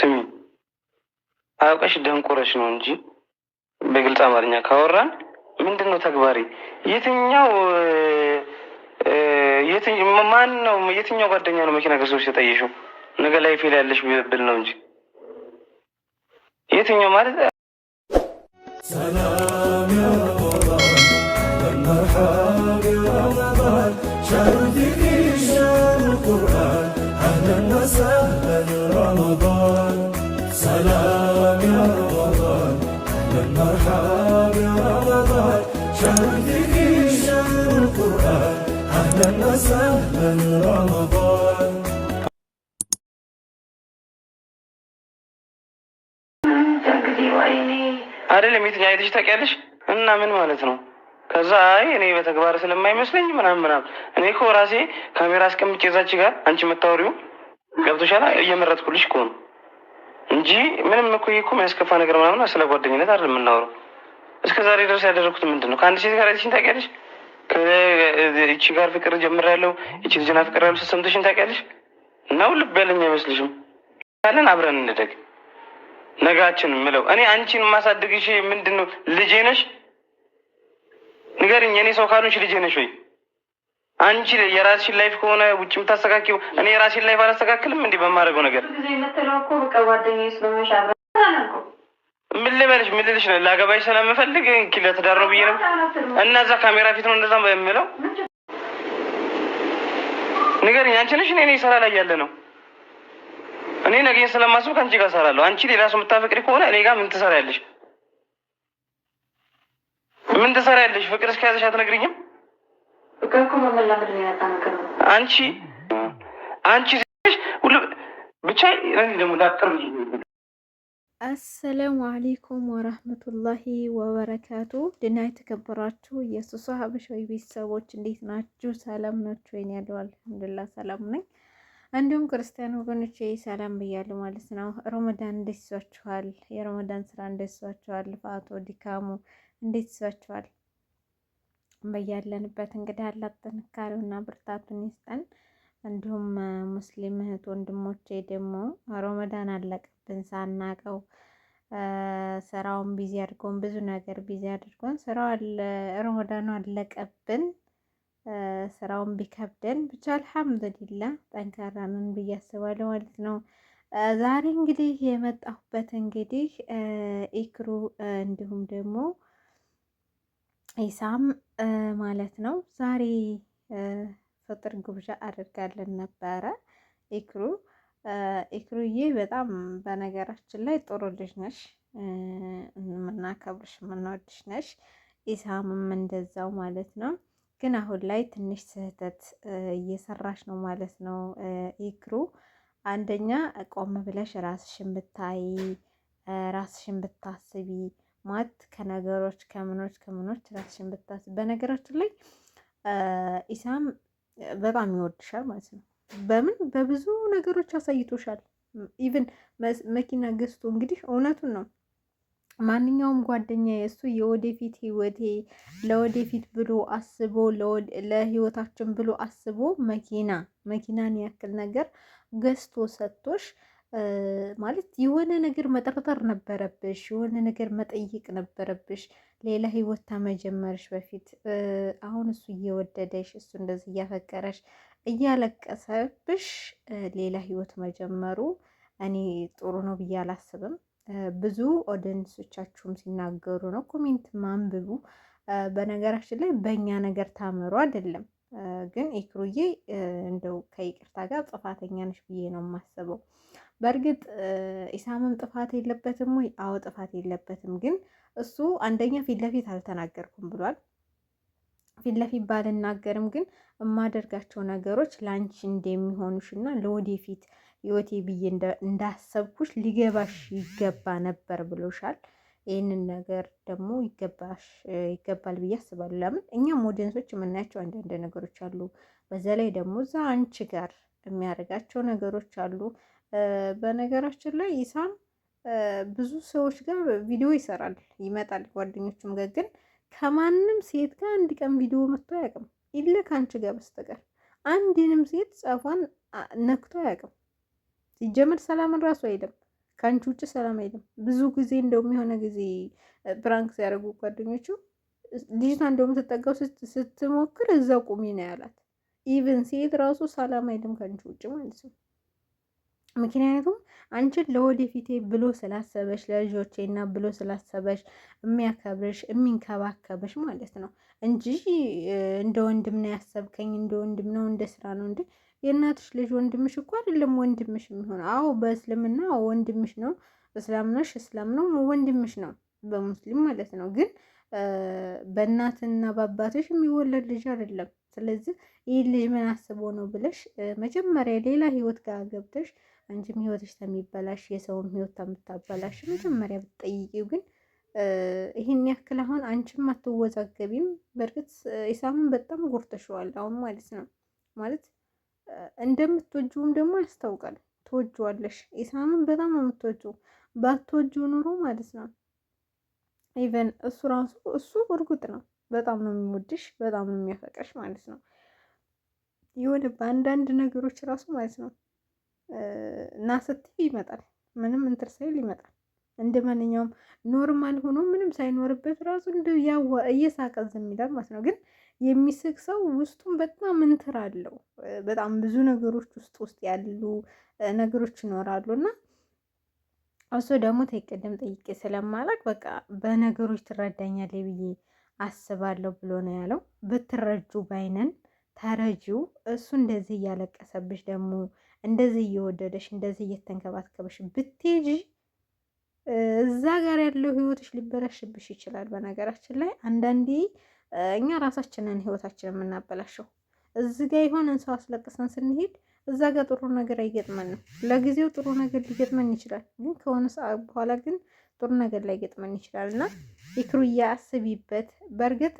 ስሚ አውቀሽ ደንቆረች ነው እንጂ በግልጽ አማርኛ ካወራን ምንድን ነው ተግባሪ? የትኛው ማን ነው የትኛው ጓደኛ ነው መኪና ገዝቶሽ ተጠየሽው? ነገ ላይ ፌል ያለሽ ብል ነው እንጂ የትኛው ማለት وسهلا رمضان አይደለም የትኛ አይተሽ ታውቂያለሽ? እና ምን ማለት ነው? ከዛ አይ እኔ በተግባር ስለማይመስለኝ ምናምን ምናምን። እኔ እኮ ራሴ ካሜራ አስቀምጬ እዛች ጋር አንቺ የምታወሪው ገብቶሻል። እየመረጥኩልሽ እኮ ነው እንጂ ምንም እኮ እኮ የሚያስከፋ ነገር ምናምን ስለ ጓደኝነት አይደለም የምናወራው። እስከ ዛሬ ድረስ ያደረግኩት ምንድን ነው? ከአንድ ሴት ጋር አይተሽኝ ታውቂያለሽ? ከእቺ ጋር ፍቅር ጀምሬያለሁ፣ እቺ ልጅና ፍቅር ያለው ሰምተሽን ታውቂያለሽ? ነው ልብ ያለኝ አይመስልሽም? ካለን አብረን እንደግ ነጋችን ምለው እኔ አንቺን የማሳድግሽ ምንድን ነው? ልጄ ነሽ ንገርኝ። እኔ ሰው ካልሆንሽ ልጄ ነሽ ወይ? አንቺ የራስሽን ላይፍ ከሆነ ውጭ የምታስተካክይው እኔ የራሴን ላይፍ አላስተካክልም እንዲህ በማድረገው ነገር ምን ልበልሽ? ምን ልልሽ ነው? ላገባሽ ስለምፈልግ እንኪ ለትዳር ነው ብዬ ነው እና እዛ ካሜራ ፊት ነው እንደዛ የምለው። ንገሪኝ፣ አንቺ ነሽ እኔ ስራ ላይ ያለ ነው። እኔ ነገ ስለማስብ ከአንቺ ጋር እሰራለሁ። አንቺ ሌላ ሰው የምታፈቅሪ ከሆነ እኔ ጋር ምን ትሰሪያለሽ? ምን ትሰሪያለሽ? ፍቅር እስከ ያዘሽ አትነግሪኝም? አንቺ አንቺ ብቻ ደግሞ ላቅርብ አሰላሙ አሌይኩም ወረህመቱላሂ ወበረካቱ ድና የተከበራችሁ የሱሳ ሀበሻዊ ቤተሰቦች እንዴት ናችሁ? ሰላም ናችሁ? ወይን ያለው አልሐምዱላ ሰላም ነኝ። እንዲሁም ክርስቲያን ወገኖች ሰላም ብያለሁ ማለት ነው። ረመዳን እንዴት ይዟችኋል? የረመዳን ስራ እንዴት ይዟችኋል? ልፋቶ ድካሙ እንዴት ይዟችኋል? በያለንበት እንግዲህ አላህ ጥንካሬውና ብርታቱን ይስጠን። እንዲሁም ሙስሊም እህት ወንድሞቼ ደግሞ ሮመዳን አለቀብን ሳናቀው ስራውን ቢዚ አድርጎን ብዙ ነገር ቢዚ አድርጎን ስራው ሮመዳኑ አለቀብን ስራውን ቢከብደን ብቻ አልሐምዱሊላ ጠንካራ ነን ብዬ አስባለሁ ማለት ነው። ዛሬ እንግዲህ የመጣሁበት እንግዲህ ኢክሩ እንዲሁም ደግሞ ኢሳም ማለት ነው ዛሬ የፍጥር ግብዣ አድርጋለን ነበረ። ኢክሩ ኢክሩዬ በጣም በነገራችን ላይ ጥሩ ልጅ ነሽ፣ የምናከብርሽ የምንወድሽ ነሽ። ኢሳምም እንደዛው ማለት ነው። ግን አሁን ላይ ትንሽ ስህተት እየሰራሽ ነው ማለት ነው ኢክሩ። አንደኛ ቆም ብለሽ ራስሽን ብታይ፣ ራስሽን ብታስቢ ማት ከነገሮች ከምኖች ከምኖች ራስሽን ብታስቢ። በነገራችን ላይ ኢሳም በጣም ይወድሻል ማለት ነው። በምን በብዙ ነገሮች አሳይቶሻል። ኢቭን መኪና ገዝቶ እንግዲህ እውነቱን ነው ማንኛውም ጓደኛ የእሱ የወደፊት ህይወቴ ለወደፊት ብሎ አስቦ ለህይወታችን ብሎ አስቦ መኪና መኪናን ያክል ነገር ገዝቶ ሰጥቶሽ ማለት የሆነ ነገር መጠርጠር ነበረብሽ፣ የሆነ ነገር መጠይቅ ነበረብሽ፣ ሌላ ህይወት ከመጀመርሽ በፊት። አሁን እሱ እየወደደሽ እሱ እንደዚህ እያፈቀረሽ እያለቀሰብሽ ሌላ ህይወት መጀመሩ እኔ ጥሩ ነው ብዬ አላስብም። ብዙ ኦደንሶቻችሁም ሲናገሩ ነው። ኮሜንት ማንብቡ። በነገራችን ላይ በእኛ ነገር ታምሩ አይደለም ግን ኤክሩዬ እንደው ከይቅርታ ጋር ጥፋተኛ ነሽ ብዬ ነው የማስበው። በእርግጥ ኢሳምም ጥፋት የለበትም ወይ? አዎ ጥፋት የለበትም። ግን እሱ አንደኛ ፊት ለፊት አልተናገርኩም ብሏል። ፊት ለፊት ባልናገርም ግን የማደርጋቸው ነገሮች ለአንቺ እንደሚሆኑሽ እና ለወደፊት ህይወቴ ብዬ እንዳሰብኩሽ ሊገባሽ ይገባ ነበር ብሎሻል። ይህንን ነገር ደግሞ ይገባል ብዬ አስባለሁ። ለምን እኛም ሞዴንሶች የምናያቸው አንዳንድ ነገሮች አሉ። በዛ ላይ ደግሞ እዛ አንቺ ጋር የሚያደርጋቸው ነገሮች አሉ። በነገራችን ላይ ኢሳም ብዙ ሰዎች ጋር ቪዲዮ ይሰራል፣ ይመጣል ጓደኞቹም ጋር ግን ከማንም ሴት ጋር አንድ ቀን ቪዲዮ መጥቶ አያውቅም። ኢለ ከአንቺ ጋር በስተቀር አንድንም ሴት ጸፏን ነክቶ አያውቅም። ሲጀመር ሰላምን ራሱ አይልም። ከአንቺ ውጭ ሰላም አይልም። ብዙ ጊዜ እንደውም የሆነ ጊዜ ፕራንክ ሲያደርጉ ጓደኞቹ ልጅቷ እንደውም ትጠጋው ስትሞክር እዛው ቁሚ ነው ያላት። ኢቨን ሴት ራሱ ሰላም አይልም ከአንቺ ውጭ ማለት ነው። ምክንያቱም አንቺን ለወደፊቴ ብሎ ስላሰበሽ ለልጆቼ እና ብሎ ስላሰበሽ የሚያከብርሽ የሚንከባከብሽ ማለት ነው እንጂ እንደ ወንድም ነው ያሰብከኝ፣ እንደ ወንድም ነው እንደ ስራ ነው እንደ የእናትሽ ልጅ ወንድምሽ እኮ አይደለም ወንድምሽ የሚሆነው። አዎ በእስልምና ወንድምሽ ነው፣ እስላም ነሽ፣ እስላም ነው፣ ወንድምሽ ነው በሙስሊም ማለት ነው። ግን በእናትና በአባትሽ የሚወለድ ልጅ አይደለም። ስለዚህ ይህ ልጅ ምን አስቦ ነው ብለሽ መጀመሪያ ሌላ ህይወት ጋር ገብተሽ አንቺም ህይወትሽ ተሚበላሽ የሰውም ህይወት ተምታበላሽ መጀመሪያ ብትጠይቂው ግን ይህን ያክል አሁን አንቺም አትወዛገቢም። በእርግጥ ኢሳምን በጣም ጎርተሸዋል አሁን ማለት ነው ማለት እንደምትወጂውም ደግሞ ያስታውቃል። ትወጂዋለሽ። ኢሳምን በጣም ነው የምትወጂው። ባትወጂው ኑሮ ማለት ነው ኢቨን እሱ ራሱ እሱ እርጉጥ ነው በጣም ነው የሚወድሽ፣ በጣም ነው የሚያፈቅርሽ ማለት ነው። የሆነ በአንዳንድ ነገሮች ራሱ ማለት ነው እና ስትይ ይመጣል። ምንም እንትር ሳይል ይመጣል። እንደ ማንኛውም ኖርማል ሆኖ ምንም ሳይኖርበት ራሱ እንደ ያዋ እየሳቀ ዝም ይላል ማለት ነው ግን የሚስቅ ሰው ውስጡም በጣም እንትር አለው። በጣም ብዙ ነገሮች ውስጥ ውስጥ ያሉ ነገሮች ይኖራሉ እና እሱ ደግሞ ተቀደም ጠይቄ ስለማላቅ በቃ በነገሮች ትረዳኛለ ብዬ አስባለሁ ብሎ ነው ያለው። ብትረጁ ባይነን ተረጂው እሱ እንደዚህ እያለቀሰብሽ ደግሞ እንደዚህ እየወደደሽ እንደዚህ እየተንከባከበሽ ብትሄጂ እዛ ጋር ያለው ህይወትሽ ሊበላሽብሽ ይችላል። በነገራችን ላይ አንዳንዴ እኛ ራሳችንን ህይወታችንን የምናበላሸው እዚህ ጋ የሆነን ሰው አስለቅሰን ስንሄድ እዛ ጋር ጥሩ ነገር አይገጥመንም። ለጊዜው ጥሩ ነገር ሊገጥመን ይችላል፣ ግን ከሆነ ሰዓት በኋላ ግን ጥሩ ነገር ላይገጥመን ይችላል እና ኢክሩያ አስቢበት። በእርግጥ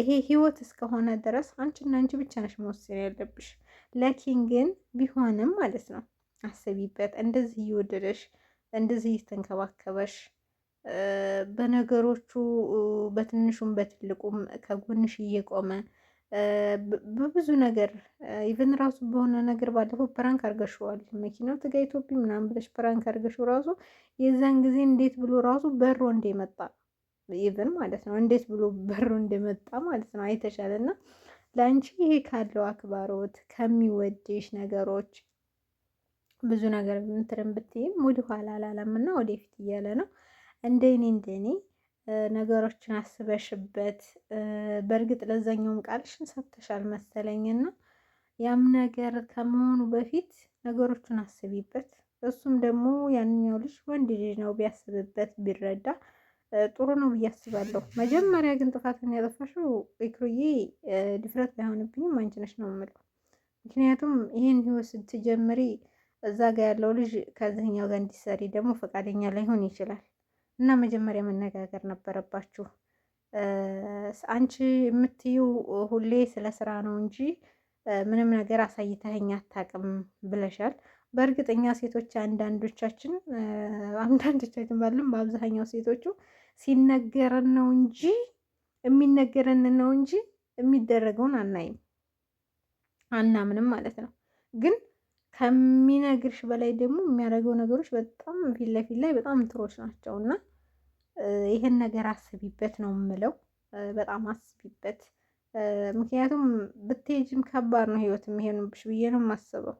ይሄ ህይወት እስከሆነ ድረስ አንቺና አንቺ ብቻ ነሽ መወሰን ያለብሽ። ለኪን ግን ቢሆንም ማለት ነው አስቢበት። እንደዚህ እየወደደሽ እንደዚህ እየተንከባከበሽ በነገሮቹ በትንሹም በትልቁም ከጎንሽ እየቆመ በብዙ ነገር ኢቨን ራሱ በሆነ ነገር ባለፈው ፕራንክ አርገሽዋል። መኪናው ተጋይቶብኝ ምናምን ብለሽ ፕራንክ አርገሽው ራሱ የዛን ጊዜ እንዴት ብሎ ራሱ በሮ እንደመጣ ኢቨን ማለት ነው እንዴት ብሎ በሮ እንደመጣ ማለት ነው አይተሻል። እና ለአንቺ ይሄ ካለው አክባሮት ከሚወድሽ ነገሮች ብዙ ነገር ምትርም ብትይም ወደኋላ አላለም እና ወደፊት እያለ ነው እንደኔ እንደኔ ነገሮችን አስበሽበት በእርግጥ ለዛኛውም ቃልሽን ሰጥተሻል መሰለኝና ያም ነገር ከመሆኑ በፊት ነገሮቹን አስቢበት። እሱም ደግሞ ያንኛው ልጅ ወንድ ልጅ ነው፣ ቢያስብበት ቢረዳ ጥሩ ነው ብዬ አስባለሁ። መጀመሪያ ግን ጥፋትን ያጠፋሽው ኢክሩዬ፣ ድፍረት ባይሆንብኝም አንቺ ነሽ ነው የምለው። ምክንያቱም ይህን ህይወት ስትጀምሪ እዛ ጋ ያለው ልጅ ከዚህኛው ጋር እንዲሰሪ ደግሞ ፈቃደኛ ላይሆን ይችላል። እና መጀመሪያ መነጋገር ነበረባችሁ። አንቺ የምትይው ሁሌ ስለ ስራ ነው እንጂ ምንም ነገር አሳይተኸኝ አታውቅም ብለሻል። በእርግጠኛ ሴቶች አንዳንዶቻችን አንዳንዶቻችን ባለም በአብዛኛው ሴቶቹ ሲነገረን ነው እንጂ የሚነገረን ነው እንጂ የሚደረገውን አናይም አናምንም ማለት ነው። ግን ከሚነግርሽ በላይ ደግሞ የሚያደርገው ነገሮች በጣም ፊት ለፊት ላይ በጣም ትሮች ናቸው እና ይህን ነገር አስቢበት ነው የምለው። በጣም አስቢበት። ምክንያቱም ብትሄጅም ከባድ ነው ህይወት የሚሄኑብሽ ብዬ ነው የማስበው።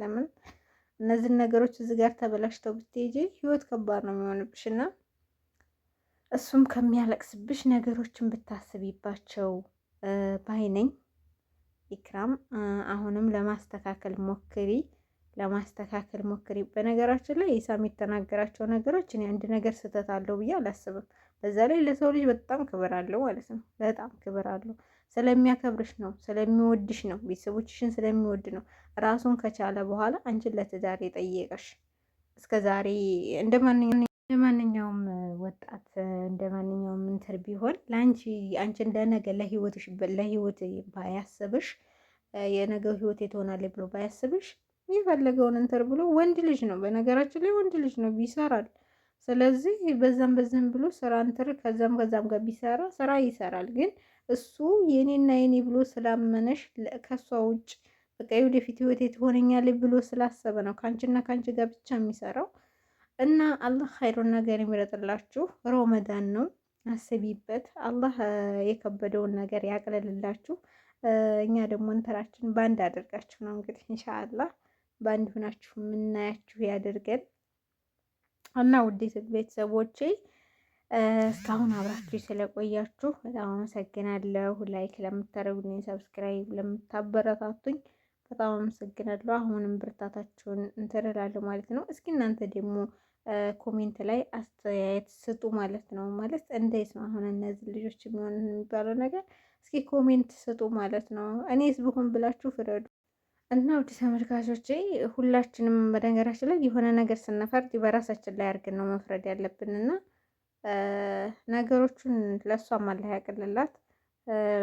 ለምን እነዚህን ነገሮች እዚህ ጋር ተበላሽተው ብትሄጂ ህይወት ከባድ ነው የሚሆንብሽ እና እሱም ከሚያለቅስብሽ ነገሮችን ብታስቢባቸው ባይነኝ። ኢክራም አሁንም ለማስተካከል ሞክሪ። ለማስተካከል ሞክሪ። በነገራችን ላይ ኢሳም የተናገራቸው ነገሮች እኔ አንድ ነገር ስህተት አለው ብዬ አላስብም። በዛ ላይ ለሰው ልጅ በጣም ክብር አለው ማለት ነው። በጣም ክብር አለው። ስለሚያከብርሽ ነው፣ ስለሚወድሽ ነው፣ ቤተሰቦችሽን ስለሚወድ ነው። ራሱን ከቻለ በኋላ አንቺን ለትዳር የጠየቀሽ እስከ ዛሬ እንደ ማንኛውም ወጣት እንደ ማንኛውም እንትር ቢሆን ለአንቺ አንቺ እንደነገ ለህይወትሽ ለህይወት ባያስብሽ የነገው ህይወት የትሆናለች ብሎ ባያስብሽ የፈለገውን እንትን ብሎ ወንድ ልጅ ነው፣ በነገራችን ላይ ወንድ ልጅ ነው ይሰራል። ስለዚህ በዛም በዛም ብሎ ስራ እንትር ከዛም ከዛም ጋር ቢሰራ ስራ ይሰራል። ግን እሱ የኔና የኔ ብሎ ስላመነሽ ከእሷ ውጭ በቃ የወደፊት ህይወቴ ትሆነኛለች ብሎ ስላሰበ ነው ከአንቺና ከአንቺ ጋር ብቻ የሚሰራው። እና አላህ ኸይሩን ነገር ይምረጥላችሁ። ሮመዳን ነው አስቢበት። አላህ የከበደውን ነገር ያቅለልላችሁ። እኛ ደግሞ እንትራችን በአንድ አድርጋችሁ ነው እንግዲህ ኢንሻአላህ በአንድ ሆናችሁ የምናያችሁ ያደርገን እና ውዴት ቤተሰቦቼ እስካሁን አብራችሁ ስለቆያችሁ በጣም አመሰግናለሁ። ላይክ ለምታደርጉልኝ፣ ሰብስክራይብ ለምታበረታቱኝ በጣም አመሰግናለሁ። አሁንም ብርታታችሁን እንትንላለሁ ማለት ነው። እስኪ እናንተ ደግሞ ኮሜንት ላይ አስተያየት ስጡ ማለት ነው። ማለት እንዴት ነው አሁን እነዚህ ልጆች የሚሆን የሚባለው ነገር እስኪ ኮሜንት ስጡ ማለት ነው። እኔስ ብሆን ብላችሁ ፍረዱ። እና ውድ ተመልካቾቼ ሁላችንም በነገራችን ላይ የሆነ ነገር ስንፈርድ በራሳችን ላይ አድርገን ነው መፍረድ ያለብን እና ነገሮቹን ለእሷም አላህ ያቅልላት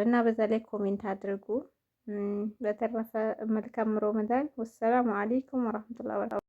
እና በዛ ላይ ኮሜንት አድርጉ። በተረፈ መልካም ሮመዳን። ወሰላሙ አሌይኩም ወረህመቱላሂ